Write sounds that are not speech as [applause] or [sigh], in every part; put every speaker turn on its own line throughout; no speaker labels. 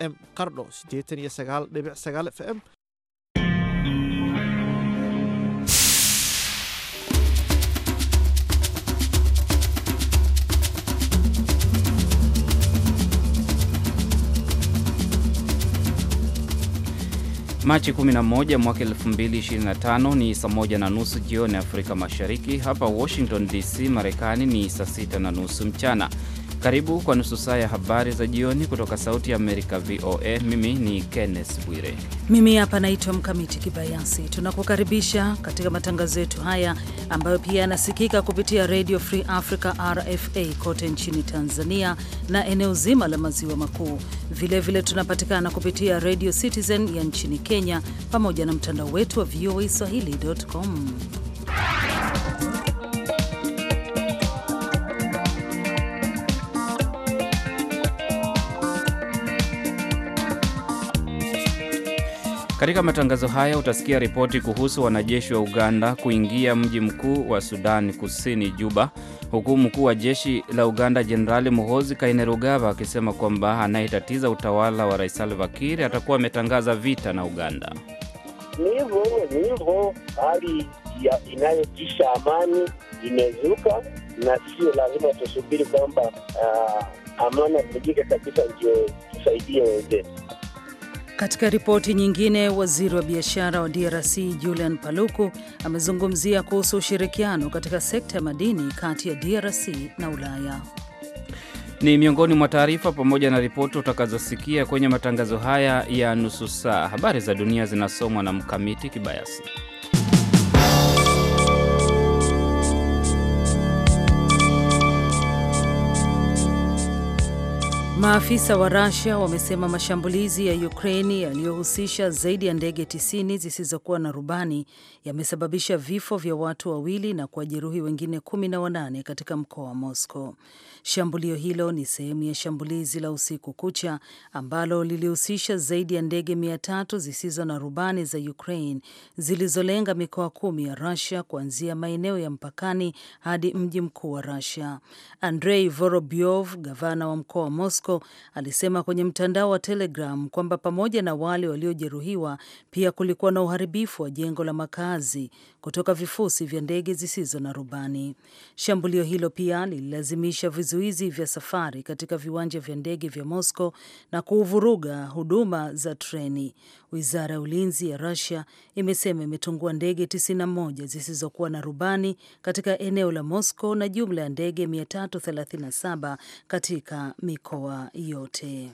m qardho f m
Machi 11 mwaka 2025 ni saa moja na nusu jioni Afrika Mashariki. Hapa Washington DC, Marekani ni saa sita na nusu mchana. Karibu kwa nusu saa ya habari za jioni kutoka Sauti ya Amerika, VOA. Mimi ni Kenneth Bwire.
Mimi hapa naitwa Mkamiti Kibayasi. Tunakukaribisha katika matangazo yetu haya ambayo pia yanasikika kupitia Radio Free Africa, RFA, kote nchini Tanzania na eneo zima la maziwa makuu. Vilevile tunapatikana kupitia Radio Citizen ya nchini Kenya pamoja na mtandao wetu wa VOA swahili.com.
Katika matangazo haya utasikia ripoti kuhusu wanajeshi wa Uganda kuingia mji mkuu wa Sudan Kusini, Juba, huku mkuu wa jeshi la Uganda Jenerali muhozi Kainerugaba akisema kwamba anayetatiza utawala wa Rais Salva Kiir atakuwa ametangaza vita na Uganda.
Ni hivyo ni hivyo, hali inayotisha amani imezuka, na sio lazima tusubiri kwamba uh, amani avujike kabisa, ndio tusaidie wenzetu.
Katika ripoti nyingine, waziri wa biashara wa DRC Julian Paluku amezungumzia kuhusu ushirikiano katika sekta ya madini kati ya DRC na Ulaya.
Ni miongoni mwa taarifa pamoja na ripoti utakazosikia kwenye matangazo haya ya nusu saa. Habari za dunia zinasomwa na Mkamiti Kibayasi.
Maafisa wa rasia wamesema mashambulizi ya Ukraini yaliyohusisha zaidi ya ndege tisini zisizokuwa na rubani yamesababisha vifo vya watu wawili na kuwajeruhi wengine kumi na wanane katika mkoa wa Moscow. Shambulio hilo ni sehemu ya shambulizi la usiku kucha ambalo lilihusisha zaidi ya ndege mia tatu zisizo na rubani za Ukraine zilizolenga mikoa kumi ya rasia kuanzia maeneo ya mpakani hadi mji mkuu wa rasia Andrei Vorobyov, gavana wa mkoa wa Moscow, alisema kwenye mtandao wa Telegram kwamba pamoja na wale waliojeruhiwa, pia kulikuwa na uharibifu wa jengo la makazi kutoka vifusi vya ndege zisizo na rubani. Shambulio hilo pia lililazimisha vizuizi vya safari katika viwanja vya ndege vya Moscow na kuuvuruga huduma za treni. Wizara ya ulinzi ya Rusia imesema imetungua ndege 91 zisizokuwa na rubani katika eneo la Moscow na jumla ya ndege 337 katika mikoa yote.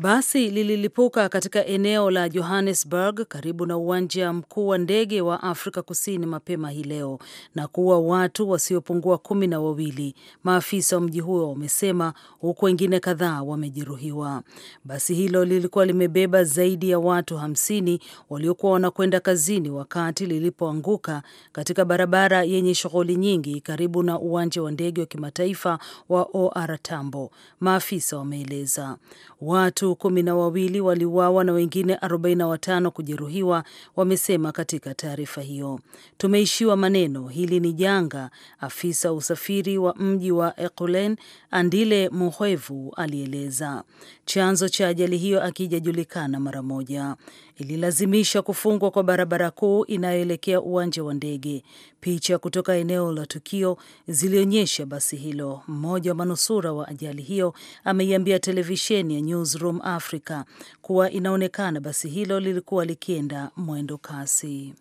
Basi lililipuka katika eneo la Johannesburg karibu na uwanja mkuu wa ndege wa Afrika Kusini mapema hii leo na kuua watu wasiopungua kumi na wawili, maafisa wa mji huo wamesema, huku wengine kadhaa wamejeruhiwa. Basi hilo lilikuwa limebeba zaidi ya watu hamsini waliokuwa wanakwenda kazini wakati lilipoanguka katika barabara yenye shughuli nyingi karibu na uwanja wa ndege wa kimataifa wa OR Tambo, maafisa wameeleza watu Watu kumi na wawili waliuawa na wengine 45 kujeruhiwa, wamesema katika taarifa hiyo. Tumeishiwa maneno, hili ni janga, afisa usafiri wa mji wa Ekulen Andile Muhwevu alieleza. Chanzo cha ajali hiyo akijajulikana mara moja, ililazimisha kufungwa kwa barabara kuu inayoelekea uwanja wa ndege. Picha kutoka eneo la tukio zilionyesha basi hilo. Mmoja wa manusura wa ajali hiyo ameiambia televisheni ya Newsroom Africa kuwa inaonekana basi hilo lilikuwa likienda mwendo kasi.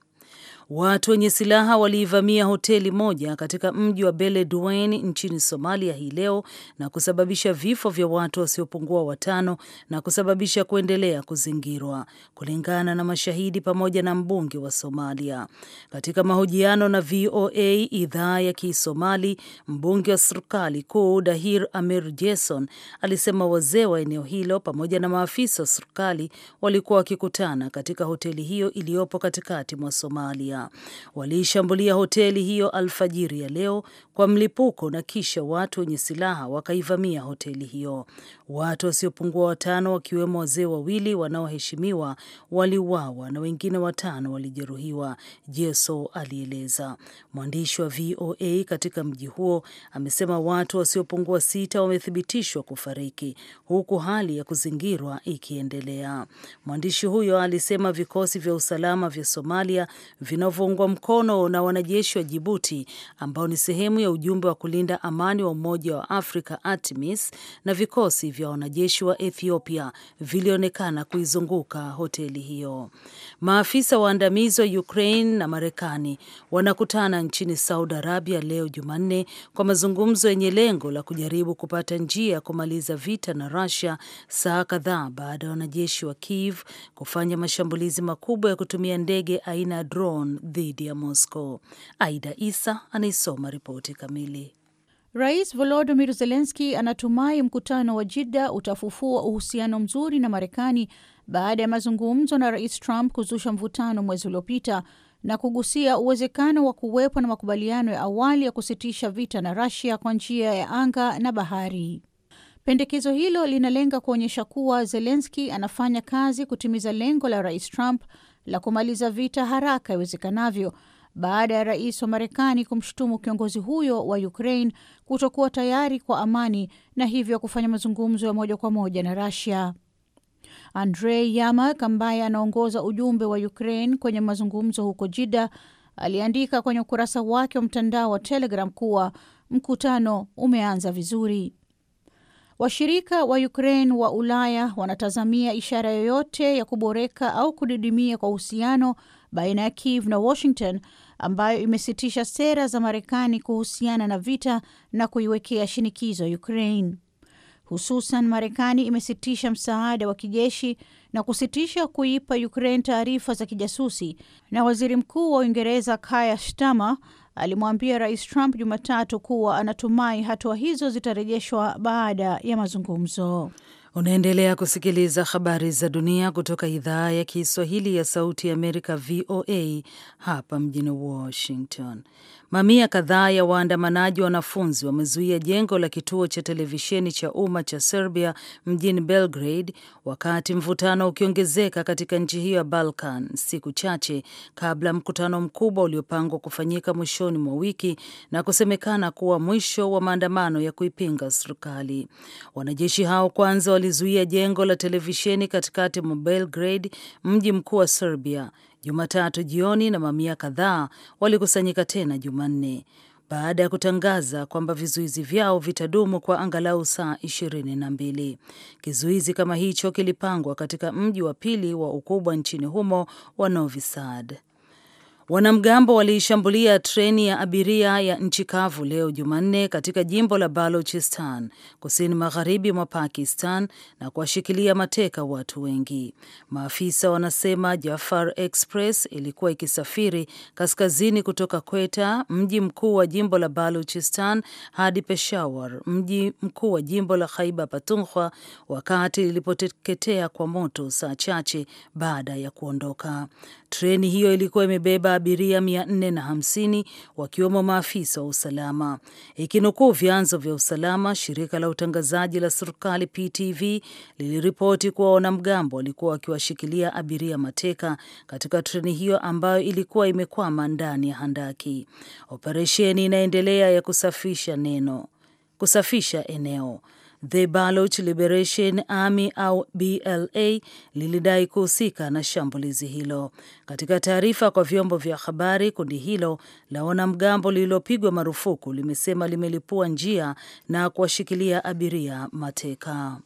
Watu wenye silaha waliivamia hoteli moja katika mji wa Beledweyne nchini Somalia hii leo na kusababisha vifo vya watu wasiopungua watano na kusababisha kuendelea kuzingirwa, kulingana na mashahidi pamoja na mbunge wa Somalia. Katika mahojiano na VOA idhaa ya Kisomali, mbunge wa serikali kuu Dahir Amir Jason alisema wazee wa eneo hilo pamoja na maafisa wa serikali walikuwa wakikutana katika hoteli hiyo iliyopo katikati mwa Somalia. Alqaida waliishambulia hoteli hiyo alfajiri ya leo kwa mlipuko na kisha watu wenye silaha wakaivamia hoteli hiyo. Watu wasiopungua watano wakiwemo wazee wawili wanaoheshimiwa waliuawa na wengine watano walijeruhiwa, Jeso alieleza. Mwandishi wa VOA katika mji huo amesema watu wasiopungua sita wamethibitishwa kufariki huku hali ya kuzingirwa ikiendelea. Mwandishi huyo alisema vikosi vya usalama vya Somalia vina vinavyoungwa mkono na wanajeshi wa Jibuti ambao ni sehemu ya ujumbe wa kulinda amani wa Umoja wa Afrika ATMIS na vikosi vya wanajeshi wa Ethiopia vilionekana kuizunguka hoteli hiyo. Maafisa waandamizi wa Ukraine na Marekani wanakutana nchini Saudi Arabia leo Jumanne kwa mazungumzo yenye lengo la kujaribu kupata njia ya kumaliza vita na Russia saa kadhaa baada ya wanajeshi wa Kiev kufanya mashambulizi makubwa ya kutumia ndege aina ya drone dhidi ya Moscow. Aida Isa anaisoma ripoti kamili.
Rais Volodymyr Zelenski anatumai mkutano wa Jidda utafufua uhusiano mzuri na Marekani baada ya mazungumzo na Rais Trump kuzusha mvutano mwezi uliopita na kugusia uwezekano wa kuwepo na makubaliano ya awali ya kusitisha vita na Russia kwa njia ya anga na bahari. Pendekezo hilo linalenga kuonyesha kuwa Zelenski anafanya kazi kutimiza lengo la Rais Trump la kumaliza vita haraka iwezekanavyo baada ya rais wa Marekani kumshutumu kiongozi huyo wa Ukraine kutokuwa tayari kwa amani na hivyo kufanya mazungumzo ya moja kwa moja na Russia. Andrei Yamak ambaye anaongoza ujumbe wa Ukraine kwenye mazungumzo huko Jida aliandika kwenye ukurasa wake wa mtandao wa Telegram kuwa mkutano umeanza vizuri. Washirika wa Ukraine wa Ulaya wanatazamia ishara yoyote ya kuboreka au kudidimia kwa uhusiano baina ya Kiev na Washington ambayo imesitisha sera za Marekani kuhusiana na vita na kuiwekea shinikizo Ukraine. Hususan, Marekani imesitisha msaada wa kijeshi na kusitisha kuipa Ukraine taarifa za kijasusi, na waziri mkuu wa Uingereza Kaya Starmer alimwambia Rais Trump Jumatatu kuwa anatumai hatua hizo zitarejeshwa baada ya mazungumzo.
Unaendelea kusikiliza habari za dunia kutoka idhaa ya Kiswahili ya Sauti ya Amerika, VOA, hapa mjini Washington. Mamia kadhaa ya waandamanaji wanafunzi wamezuia jengo la kituo cha televisheni cha umma cha Serbia mjini Belgrade, wakati mvutano ukiongezeka katika nchi hiyo ya Balkan, siku chache kabla mkutano mkubwa uliopangwa kufanyika mwishoni mwa wiki na kusemekana kuwa mwisho wa maandamano ya kuipinga serikali. Wanajeshi hao kwanza walizuia jengo la televisheni katikati mwa Belgrade, mji mkuu wa Serbia. Jumatatu jioni na mamia kadhaa walikusanyika tena Jumanne baada ya kutangaza kwamba vizuizi vyao vitadumu kwa angalau saa ishirini na mbili. Kizuizi kama hicho kilipangwa katika mji wa pili wa ukubwa nchini humo wa Novi Sad. Wanamgambo waliishambulia treni ya abiria ya nchi kavu leo Jumanne katika jimbo la Balochistan kusini magharibi mwa Pakistan na kuwashikilia mateka watu wengi. Maafisa wanasema Jafar Express ilikuwa ikisafiri kaskazini kutoka Kweta, mji mkuu wa jimbo la Balochistan, hadi Peshawar, mji mkuu wa jimbo la Khaiba Patunkhwa, wakati lilipoteketea kwa moto saa chache baada ya kuondoka. Treni hiyo ilikuwa imebeba abiria 450 wakiwemo maafisa wa usalama. Ikinukuu vyanzo vya usalama, shirika la utangazaji la serikali PTV liliripoti kuwa wanamgambo walikuwa wakiwashikilia abiria mateka katika treni hiyo ambayo ilikuwa imekwama ndani ya handaki. Operesheni inaendelea ya kusafisha neno kusafisha eneo. The Baloch Liberation Army au BLA lilidai kuhusika na shambulizi hilo. Katika taarifa kwa vyombo vya habari, kundi hilo la wanamgambo lililopigwa marufuku limesema limelipua njia na kuwashikilia abiria mateka.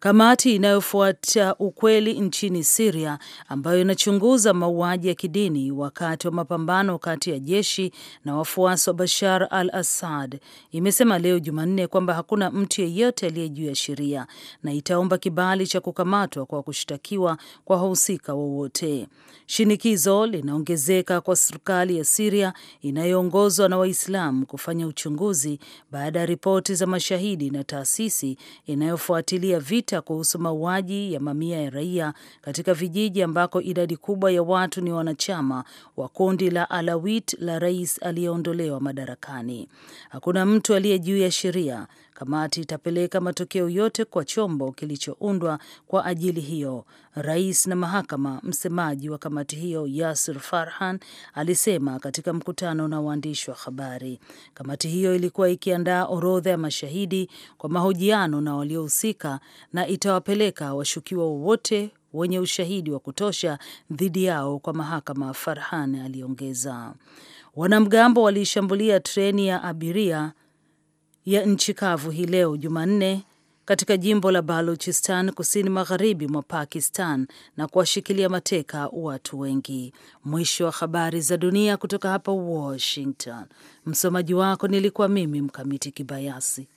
Kamati inayofuata ukweli nchini Siria ambayo inachunguza mauaji ya kidini wakati wa mapambano kati ya jeshi na wafuasi wa Bashar al Assad imesema leo Jumanne kwamba hakuna mtu yeyote aliye juu ya sheria na itaomba kibali cha kukamatwa kwa kushtakiwa kwa wahusika wowote. Shinikizo linaongezeka kwa serikali ya Siria inayoongozwa na Waislamu kufanya uchunguzi baada ya ripoti za mashahidi na taasisi inayofuatilia vita kuhusu mauaji ya mamia ya raia katika vijiji ambako idadi kubwa ya watu ni wanachama wa kundi la Alawit la rais aliyeondolewa madarakani. Hakuna mtu aliye juu ya sheria. Kamati itapeleka matokeo yote kwa chombo kilichoundwa kwa ajili hiyo, rais na mahakama. Msemaji wa kamati kamati hiyo Yasir Farhan alisema katika mkutano na waandishi wa habari. Kamati hiyo ilikuwa ikiandaa orodha ya mashahidi kwa mahojiano na waliohusika na itawapeleka washukiwa wowote wenye ushahidi wa kutosha dhidi yao kwa mahakama, Farhan aliongeza. Wanamgambo walishambulia treni ya abiria ya nchi kavu hii leo Jumanne katika jimbo la Baluchistan kusini magharibi mwa Pakistan na kuwashikilia mateka watu wengi. Mwisho wa habari za dunia kutoka hapa Washington. Msomaji wako nilikuwa mimi Mkamiti Kibayasi.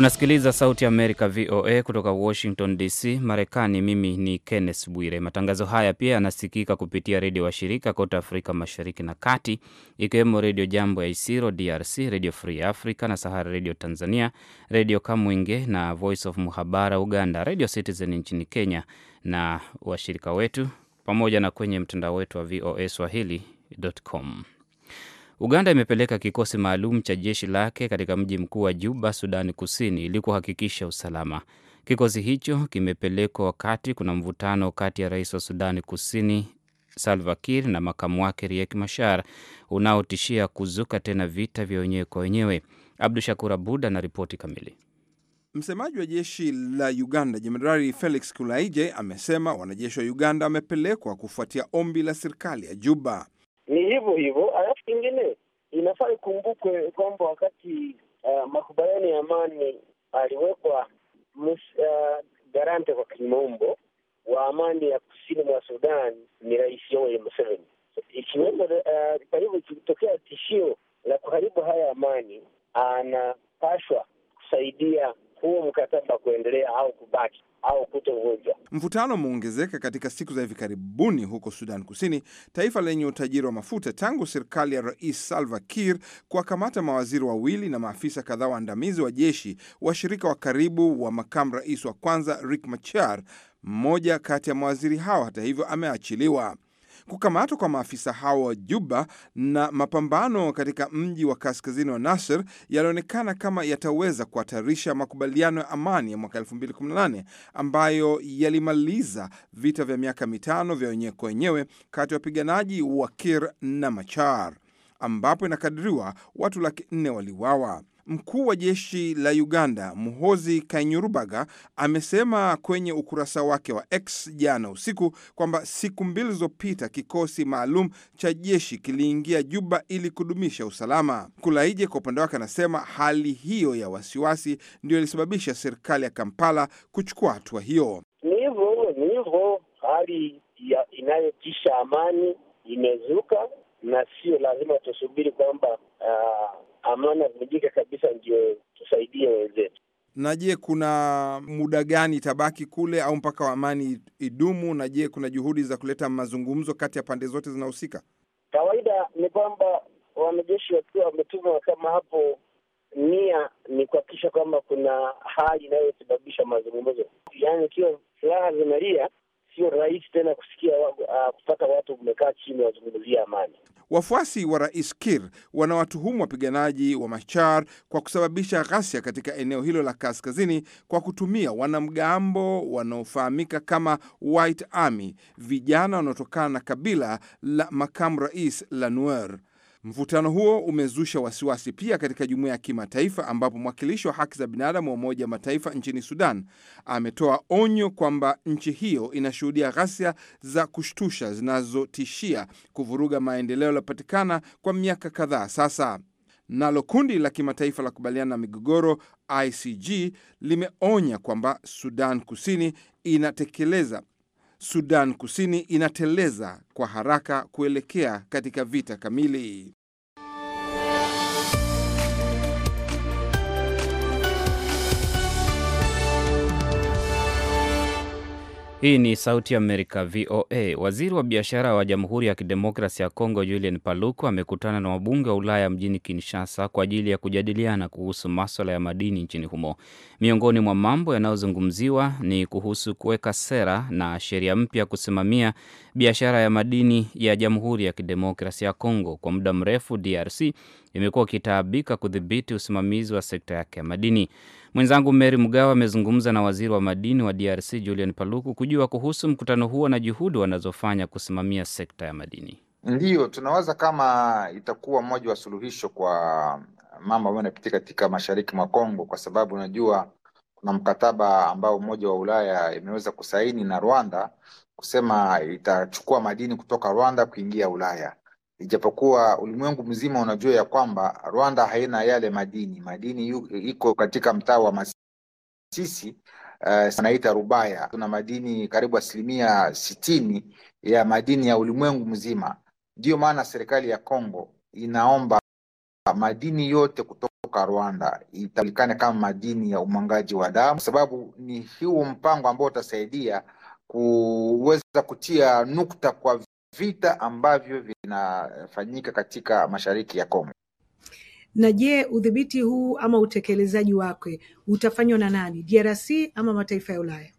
Unasikiliza Sauti Amerika VOA kutoka Washington DC, Marekani. Mimi ni Kenneth Bwire. Matangazo haya pia yanasikika kupitia redio washirika kote Afrika Mashariki na Kati, ikiwemo Redio Jambo ya Isiro DRC, Redio Free Africa na Sahara Redio Tanzania, Redio Kamwinge na Voice of Muhabara Uganda, Redio Citizen nchini Kenya na washirika wetu, pamoja na kwenye mtandao wetu wa VOA swahili.com. Uganda imepeleka kikosi maalum cha jeshi lake katika mji mkuu wa Juba, Sudani Kusini, ili kuhakikisha usalama. Kikosi hicho kimepelekwa wakati kuna mvutano kati ya rais wa Sudani Kusini Salva Kiir na makamu wake Riek Machar unaotishia kuzuka tena vita vya wenyewe kwa wenyewe. Abdu Shakur Abud ana ripoti kamili.
Msemaji wa jeshi la Uganda Jenerali Felix Kulaije amesema wanajeshi wa Uganda wamepelekwa kufuatia ombi la serikali ya Juba
ni hivyo hivyo. Alafu kingine inafaa ikumbukwe kwamba wakati uh, makubaliano ya amani aliwekwa uh, garante kwa kimombo wa amani ya kusini mwa Sudan ni Rais Yoweri Museveni. Ikiwemo uh, kwa hivyo, ikitokea tishio la kuharibu haya amani, anapashwa kusaidia huu mkataba kuendelea au kubaki au kutovunjwa.
Mvutano umeongezeka katika siku za hivi karibuni huko Sudan Kusini, taifa lenye utajiri wa mafuta, tangu serikali ya Rais Salva Kiir kuwakamata mawaziri wawili na maafisa kadhaa waandamizi wa jeshi, washirika wa karibu wa makamu rais wa kwanza Riek Machar. Mmoja kati ya mawaziri hao, hata hivyo, ameachiliwa. Kukamatwa kwa maafisa hao wa Juba na mapambano katika mji wa kaskazini wa Nasir yalionekana kama yataweza kuhatarisha makubaliano ya amani ya mwaka 2018 ambayo yalimaliza vita vya miaka mitano vya wenyewe kwa wenyewe kati ya wapiganaji wa Kir na Machar ambapo inakadiriwa watu laki nne waliuawa. Mkuu wa jeshi la Uganda Muhozi kanyurubaga amesema kwenye ukurasa wake wa X jana usiku kwamba siku mbili zilizopita kikosi maalum cha jeshi kiliingia Juba ili kudumisha usalama. Kulaije kwa upande wake anasema hali hiyo ya wasiwasi ndio ilisababisha serikali ya Kampala kuchukua hatua hiyo.
Ni hivyo, ni hivyo, hali inayotisha amani imezuka na sio lazima tusubiri kwamba uh, amani avunjike kabisa, ndio tusaidie wenzetu.
Na je, kuna muda gani itabaki kule au mpaka wa amani idumu? Na je, kuna juhudi za kuleta mazungumzo kati ya pande zote zinahusika?
Kawaida ni kwamba wanajeshi wakiwa wametumwa kama hapo, nia ni kuhakikisha kwamba kuna hali inayosababisha mazungumzo, yaani ikiwa silaha zimelia sio rahisi tena kusikia uh, kupata watu wamekaa chini wazungumzia amani.
Wafuasi wa Rais Kir wanawatuhumu wapiganaji wa Machar kwa kusababisha ghasia katika eneo hilo la kaskazini kwa kutumia wanamgambo wanaofahamika kama White Army, vijana wanaotokana na kabila la makamu rais la Nuer. Mvutano huo umezusha wasiwasi pia katika jumuiya ya kimataifa, ambapo mwakilishi wa haki za binadamu wa Umoja wa Mataifa nchini Sudan ametoa onyo kwamba nchi hiyo inashuhudia ghasia za kushtusha zinazotishia kuvuruga maendeleo yaliyopatikana kwa miaka kadhaa sasa. Nalo kundi la kimataifa la kukabiliana na migogoro ICG limeonya kwamba Sudan Kusini inatekeleza Sudan Kusini inateleza kwa haraka kuelekea katika vita kamili.
Hii ni Sauti Amerika, VOA. Waziri wa biashara wa Jamhuri ya Kidemokrasi ya Kongo, julian Paluku, amekutana na wabunge wa Ulaya mjini Kinshasa kwa ajili ya kujadiliana kuhusu maswala ya madini nchini humo. Miongoni mwa mambo yanayozungumziwa ni kuhusu kuweka sera na sheria mpya kusimamia biashara ya madini ya Jamhuri ya Kidemokrasi ya Kongo. Kwa muda mrefu, DRC imekuwa ikitaabika kudhibiti usimamizi wa sekta yake ya madini. Mwenzangu Mary Mgawa amezungumza na waziri wa madini wa DRC Julian Paluku kujua kuhusu mkutano huo na juhudi wanazofanya kusimamia sekta ya madini.
Ndiyo, tunawaza kama itakuwa mmoja wa suluhisho kwa mambo ambayo yanapitia katika mashariki mwa Kongo, kwa sababu unajua kuna mkataba ambao Umoja wa Ulaya imeweza kusaini na Rwanda kusema itachukua madini kutoka Rwanda kuingia Ulaya ijapokuwa ulimwengu mzima unajua ya kwamba Rwanda haina yale madini. Madini yu, iko katika mtaa wa Masisi uh, eh, sanaita Rubaya. Tuna madini karibu asilimia sitini ya madini ya ulimwengu mzima. Ndiyo maana serikali ya Kongo inaomba madini yote kutoka Rwanda itajulikane kama madini ya umwangaji wa damu, kwa sababu ni huu mpango ambao utasaidia kuweza kutia nukta kwa vita ambavyo vinafanyika katika mashariki ya Kongo.
Na je, udhibiti huu ama utekelezaji wake utafanywa na nani, DRC ama mataifa ya Ulaya?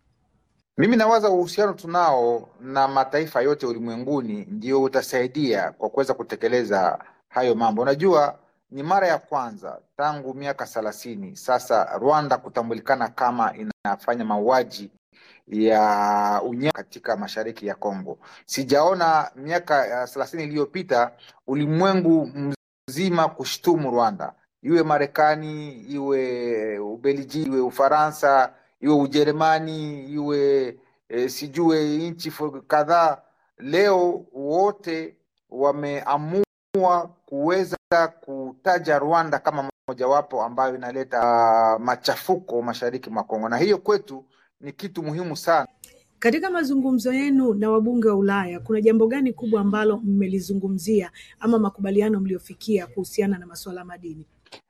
Mimi nawaza uhusiano tunao na mataifa yote ulimwenguni ndio utasaidia kwa kuweza kutekeleza hayo mambo. Unajua, ni mara ya kwanza tangu miaka thelathini sasa Rwanda kutambulikana kama inafanya mauaji ya unyama katika mashariki ya Kongo. Sijaona miaka eh, thelathini iliyopita ulimwengu mzima kushtumu Rwanda, iwe Marekani, iwe Ubelgiji, iwe Ufaransa, iwe Ujerumani, iwe e, sijue nchi kadhaa. Leo wote wameamua kuweza kutaja Rwanda kama mojawapo ambayo inaleta ah, machafuko mashariki mwa Kongo, na hiyo kwetu ni kitu muhimu sana.
Katika mazungumzo yenu na wabunge wa Ulaya, kuna jambo gani kubwa ambalo mmelizungumzia ama makubaliano mliofikia kuhusiana na masuala madini?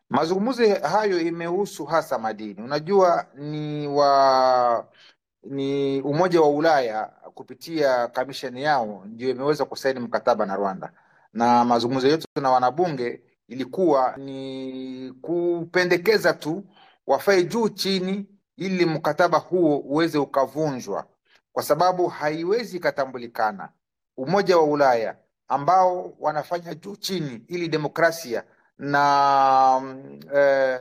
Mazungumzo hayo imehusu hasa madini. Unajua ni wa ni Umoja wa Ulaya kupitia kamisheni yao ndio imeweza kusaini mkataba na Rwanda, na mazungumzo yetu na wanabunge ilikuwa ni kupendekeza tu wafae juu chini ili mkataba huo uweze ukavunjwa, kwa sababu haiwezi ikatambulikana. Umoja wa Ulaya ambao wanafanya juu chini ili demokrasia na e,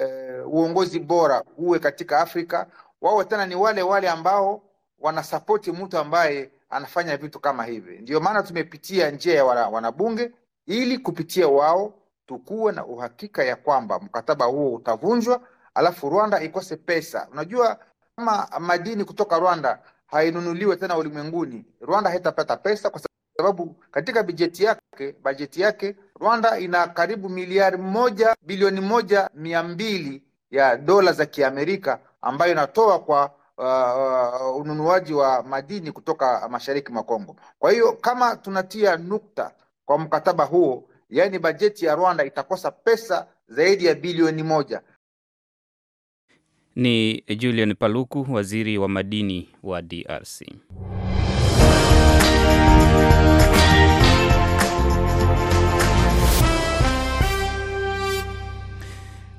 e, uongozi bora uwe katika Afrika, wao tena ni wale wale ambao wanasapoti mtu ambaye anafanya vitu kama hivi. ndio maana tumepitia njia ya wanabunge ili kupitia wao tukuwe na uhakika ya kwamba mkataba huo utavunjwa alafu Rwanda ikose pesa. Unajua kama madini kutoka Rwanda hainunuliwe tena ulimwenguni, Rwanda haitapata pesa kwa sababu katika bajeti yake bajeti yake Rwanda ina karibu miliari moja bilioni moja mia mbili ya dola za Kiamerika ambayo inatoa kwa uh, uh, ununuaji wa madini kutoka mashariki mwa Kongo. Kwa hiyo kama tunatia nukta kwa mkataba huo, yaani bajeti ya Rwanda itakosa pesa zaidi ya bilioni moja.
Ni Julian Paluku, waziri wa madini wa DRC.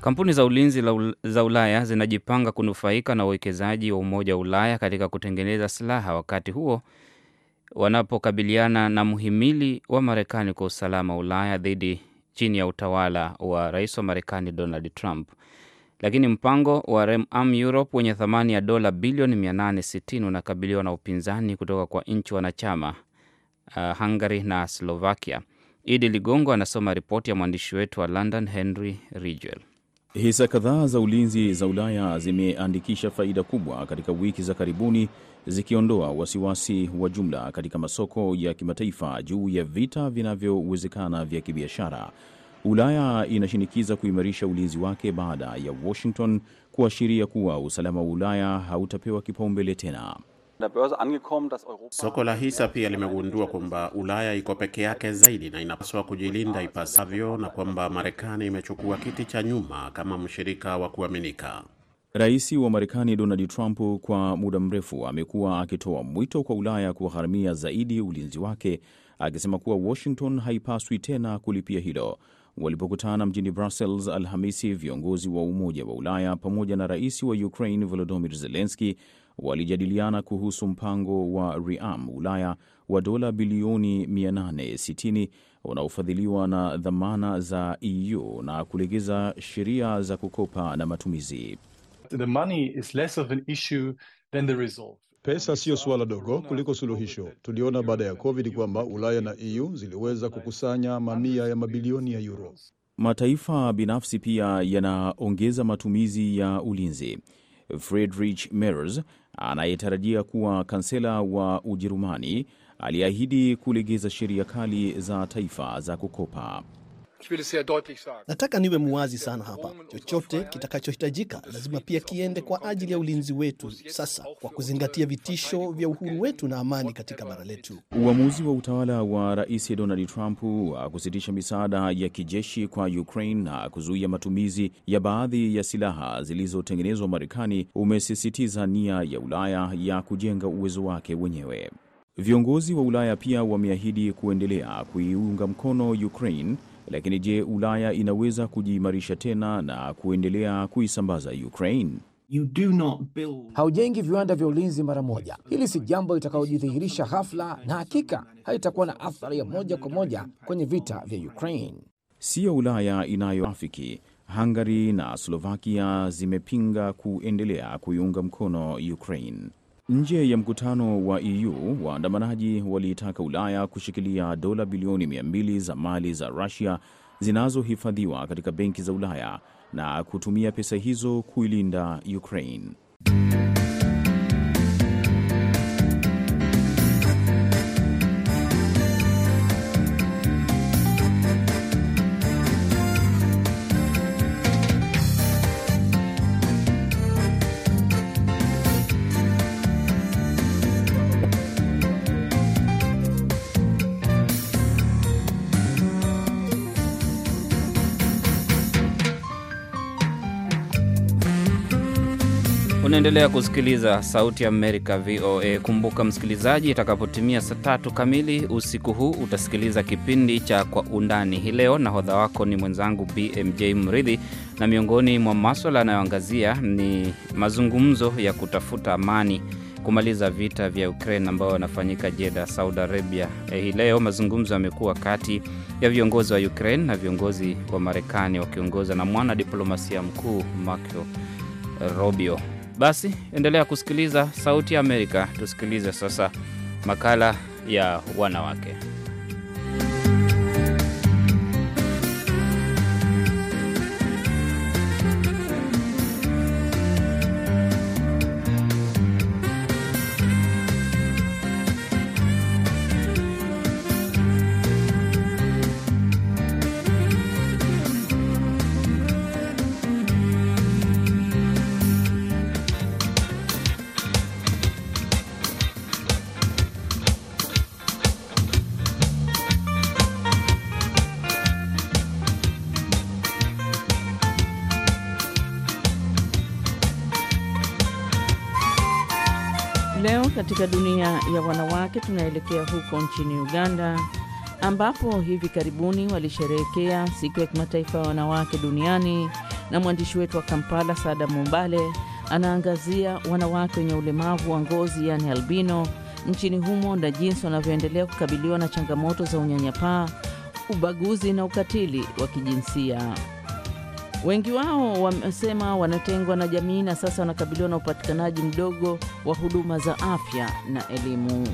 Kampuni za ulinzi za Ulaya zinajipanga kunufaika na uwekezaji wa Umoja wa Ulaya katika kutengeneza silaha, wakati huo wanapokabiliana na mhimili wa Marekani kwa usalama wa Ulaya dhidi chini ya utawala wa rais wa Marekani Donald Trump lakini mpango wa rem Europe wenye thamani ya dola bilioni 860 unakabiliwa na upinzani kutoka kwa nchi wanachama uh, Hungary na Slovakia. Idi Ligongo anasoma ripoti ya
mwandishi wetu wa London, Henry Ridgwell. Hisa kadhaa za ulinzi za Ulaya zimeandikisha faida kubwa katika wiki za karibuni, zikiondoa wasiwasi wa jumla katika masoko ya kimataifa juu ya vita vinavyowezekana vya kibiashara Ulaya inashinikiza kuimarisha ulinzi wake baada ya Washington kuashiria kuwa usalama wa Ulaya hautapewa kipaumbele tena. Soko la hisa pia limegundua kwamba Ulaya iko peke yake zaidi na inapaswa kujilinda ipasavyo na kwamba Marekani imechukua kiti cha nyuma kama mshirika wa kuaminika. Rais wa Marekani Donald Trump kwa muda mrefu amekuwa akitoa mwito kwa Ulaya kugharamia zaidi ulinzi wake, akisema kuwa Washington haipaswi tena kulipia hilo walipokutana mjini Brussels Alhamisi, viongozi wa Umoja wa Ulaya pamoja na rais wa Ukraine Volodymyr Zelensky walijadiliana kuhusu mpango wa Rearm Ulaya wa dola bilioni 860 unaofadhiliwa na dhamana za EU na kulegeza sheria za kukopa na matumizi. The money is less of an issue than the resolve. Pesa siyo suala dogo kuliko suluhisho. Tuliona baada ya COVID kwamba Ulaya na EU ziliweza kukusanya mamia ya mabilioni ya euro. Mataifa binafsi pia yanaongeza matumizi ya ulinzi. Friedrich Merz anayetarajia kuwa kansela wa Ujerumani aliahidi kulegeza sheria kali za taifa za kukopa.
Nataka niwe muwazi sana hapa. Chochote kitakachohitajika lazima pia kiende
kwa ajili ya ulinzi wetu sasa kwa kuzingatia vitisho vya uhuru wetu na amani katika bara letu. Uamuzi wa utawala wa Rais Donald Trump wa kusitisha misaada ya kijeshi kwa Ukraine na kuzuia matumizi ya baadhi ya silaha zilizotengenezwa Marekani umesisitiza nia ya Ulaya ya kujenga uwezo wake wenyewe. Viongozi wa Ulaya pia wameahidi kuendelea kuiunga mkono Ukraine lakini je, Ulaya inaweza kujiimarisha tena na kuendelea kuisambaza Ukraine? Build... haujengi viwanda vya ulinzi mara moja. Hili si jambo litakayojidhihirisha ghafla, na hakika haitakuwa na athari ya moja kwa moja kwenye vita vya Ukraine. Siyo Ulaya inayoafiki. Hungary na Slovakia zimepinga kuendelea kuiunga mkono Ukraine. Nje ya mkutano wa EU waandamanaji waliitaka Ulaya kushikilia dola bilioni 200 za mali za Rusia zinazohifadhiwa katika benki za Ulaya na kutumia pesa hizo kuilinda Ukraine.
Unaendelea kusikiliza Sauti ya Amerika, VOA. Kumbuka msikilizaji, itakapotimia saa tatu kamili usiku huu utasikiliza kipindi cha Kwa Undani. Hii leo nahodha wako ni mwenzangu BMJ Mridhi, na miongoni mwa maswala anayoangazia ni mazungumzo ya kutafuta amani kumaliza vita vya Ukraine ambayo yanafanyika Jeda, Saudi Arabia. Eh, hii leo mazungumzo yamekuwa kati ya viongozi wa Ukraine na viongozi wa Marekani wakiongoza na mwana diplomasia mkuu Marco robio basi endelea kusikiliza Sauti ya Amerika. Tusikilize sasa makala ya wanawake.
Katika dunia ya wanawake, tunaelekea huko nchini Uganda ambapo hivi karibuni walisherehekea siku ya kimataifa ya wanawake duniani, na mwandishi wetu wa Kampala Sada Mumbale anaangazia wanawake wenye ulemavu wa ngozi yani albino nchini humo na jinsi
wanavyoendelea kukabiliwa na changamoto za unyanyapaa, ubaguzi na ukatili wa kijinsia. Wengi wao wamesema wanatengwa na jamii na sasa wanakabiliwa na upatikanaji mdogo wa huduma za afya na elimu.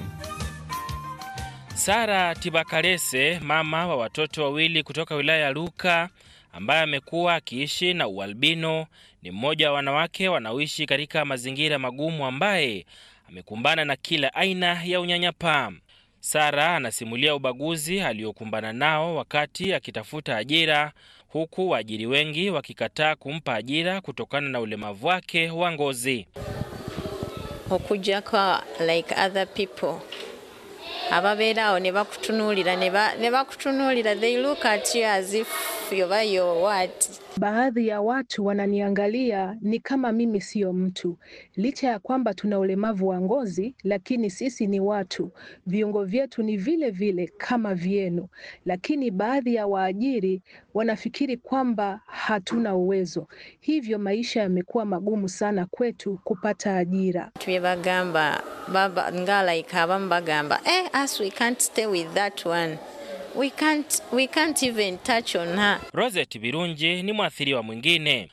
Sara Tibakarese, mama wa watoto wawili kutoka wilaya ya Luka ambaye amekuwa akiishi na ualbino, ni mmoja wa wanawake wanaoishi katika mazingira magumu ambaye amekumbana na kila aina ya unyanyapaa. Sara anasimulia ubaguzi aliokumbana nao wakati akitafuta ajira huku waajiri wengi wakikataa kumpa ajira kutokana na ulemavu wake wa ngozi.
okujjako like other people ababeera awo ne ne bakutunuulira they look at you as if yoba yo what
Baadhi ya watu wananiangalia ni kama mimi siyo mtu, licha ya kwamba tuna ulemavu wa ngozi, lakini sisi ni watu, viungo vyetu ni vile vile kama vyenu. Lakini baadhi ya waajiri wanafikiri kwamba hatuna uwezo, hivyo maisha yamekuwa magumu sana kwetu kupata ajira.
Twe baba ngala ikaba mbagamba eh, as we can't stay with that one we can't, we can't even touch on her.
Rosette Birunji ni mwathiriwa mwingine.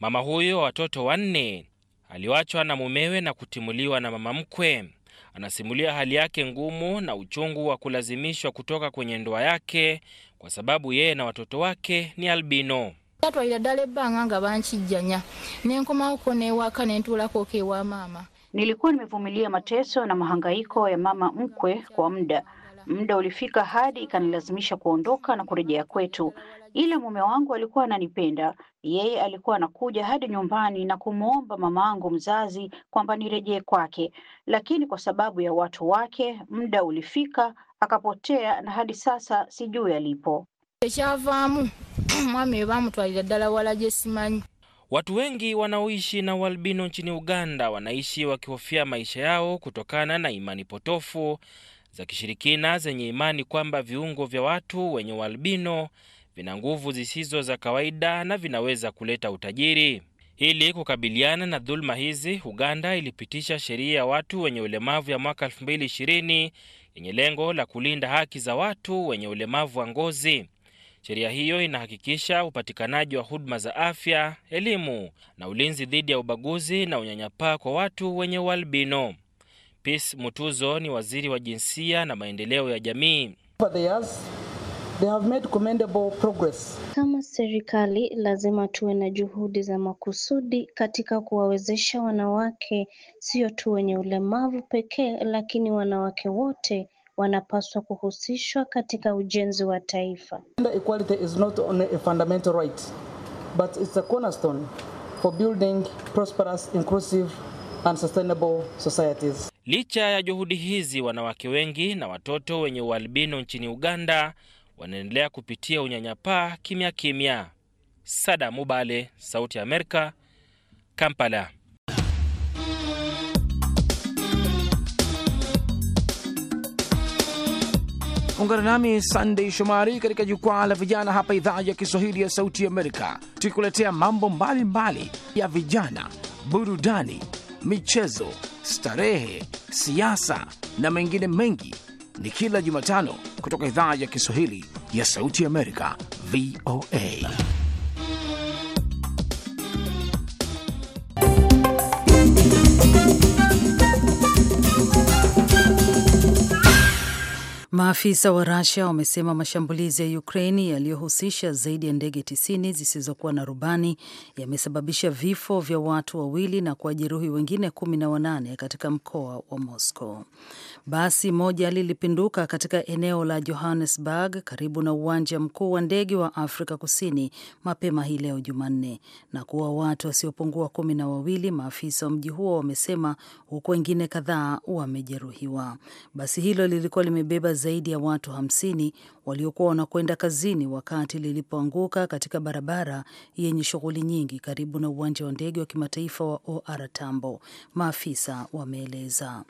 Mama huyo wa watoto wanne aliwachwa na mumewe na kutimuliwa na mama mkwe. Anasimulia hali yake ngumu na uchungu wa kulazimishwa kutoka kwenye ndoa yake kwa sababu yeye na watoto wake ni albino.
Yatwalira ddala ebbanga nga bankijjanya ne n'ewaka ne ntuulako k'ewa mama. Nilikuwa nimevumilia mateso na mahangaiko ya mama mkwe kwa muda Muda ulifika hadi ikanilazimisha kuondoka na kurejea kwetu, ila mume wangu alikuwa ananipenda. Yeye alikuwa anakuja hadi nyumbani na kumwomba mamaangu mzazi kwamba nirejee kwake, lakini kwa sababu ya watu wake, muda ulifika akapotea, na hadi sasa sijui alipo. Ekyavaamu [clears throat] mwami bamutwalira dala wala jesimanyi.
Watu wengi wanaoishi na ualbino nchini Uganda wanaishi wakihofia maisha yao kutokana na imani potofu za kishirikina zenye imani kwamba viungo vya watu wenye ualbino vina nguvu zisizo za kawaida na vinaweza kuleta utajiri. Ili kukabiliana na dhuluma hizi, Uganda ilipitisha sheria ya watu wenye ulemavu ya mwaka 2020 yenye lengo la kulinda haki za watu wenye ulemavu wa ngozi. Sheria hiyo inahakikisha upatikanaji wa huduma za afya, elimu na ulinzi dhidi ya ubaguzi na unyanyapaa kwa watu wenye ualbino. Peace Mutuzo ni waziri wa jinsia na maendeleo ya jamii.
They have made commendable progress. Kama serikali lazima tuwe na juhudi za makusudi katika kuwawezesha wanawake, sio tu wenye ulemavu pekee, lakini wanawake wote
wanapaswa kuhusishwa katika ujenzi wa taifa.
Gender equality is not only a fundamental right, but it's a cornerstone for building prosperous, inclusive and sustainable societies.
Licha ya juhudi hizi, wanawake wengi na watoto wenye ualbino nchini Uganda wanaendelea kupitia unyanyapaa kimya kimya. Sada Mubale, Sauti ya Amerika, Kampala.
Ungana nami Sunday Shomari katika jukwaa la vijana hapa idhaa ya Kiswahili ya Sauti Amerika, tukikuletea mambo mbalimbali mbali ya vijana, burudani michezo, starehe, siasa na mengine mengi ni kila Jumatano kutoka idhaa ya Kiswahili ya Sauti Amerika,
VOA.
Maafisa wa rasia wamesema mashambulizi ya ukraini yaliyohusisha zaidi ya ndege tisini zisizokuwa na rubani yamesababisha vifo vya watu wawili na kuwajeruhi wengine kumi na wanane katika mkoa wa Moscow. Basi moja lilipinduka katika eneo la Johannesburg karibu na uwanja mkuu wa ndege wa Afrika Kusini mapema hii leo Jumanne na kuwa watu wasiopungua kumi na wawili, maafisa wa mji huo wamesema, huku wengine kadhaa wamejeruhiwa. Basi hilo lilikuwa limebeba zaidi ya watu hamsini waliokuwa wanakwenda kazini wakati lilipoanguka katika barabara yenye shughuli nyingi karibu na uwanja wa ndege wa kimataifa wa OR Tambo, maafisa wameeleza.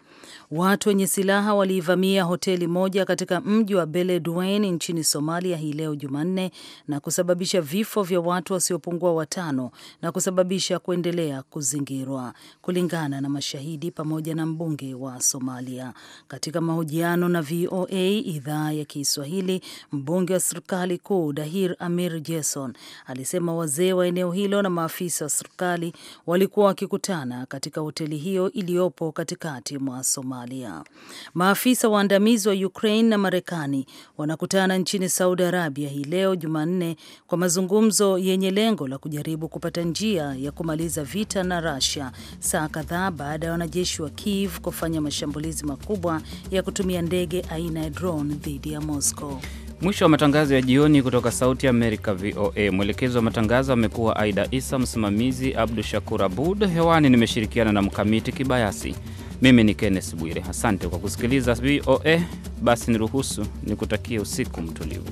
Watu wenye silaha waliivamia hoteli moja katika mji wa Beledweyne nchini Somalia hii leo Jumanne na kusababisha vifo vya watu wasiopungua watano na kusababisha kuendelea kuzingirwa, kulingana na mashahidi pamoja na mbunge wa Somalia. Katika mahojiano na VOA idhaa ya Kiswahili, mbunge wa serikali kuu Dahir Amir Jason alisema wazee wa eneo hilo na maafisa wa serikali walikuwa wakikutana katika hoteli hiyo iliyopo katikati mwa Somalia. Maafisa waandamizi wa Ukraine na Marekani wanakutana nchini Saudi Arabia hii leo Jumanne kwa mazungumzo yenye lengo la kujaribu kupata njia ya kumaliza vita na Russia, saa kadhaa baada ya wanajeshi wa Kiev kufanya mashambulizi makubwa ya kutumia ndege aina ya drone dhidi ya Moscow.
Mwisho wa matangazo ya jioni kutoka Sauti Amerika, VOA. Mwelekezi wa matangazo amekuwa Aida Isa, msimamizi Abdu Shakur Abud. Hewani nimeshirikiana na Mkamiti Kibayasi. Mimi ni Kenneth Bwire, asante kwa kusikiliza VOA. Basi niruhusu nikutakie usiku mtulivu.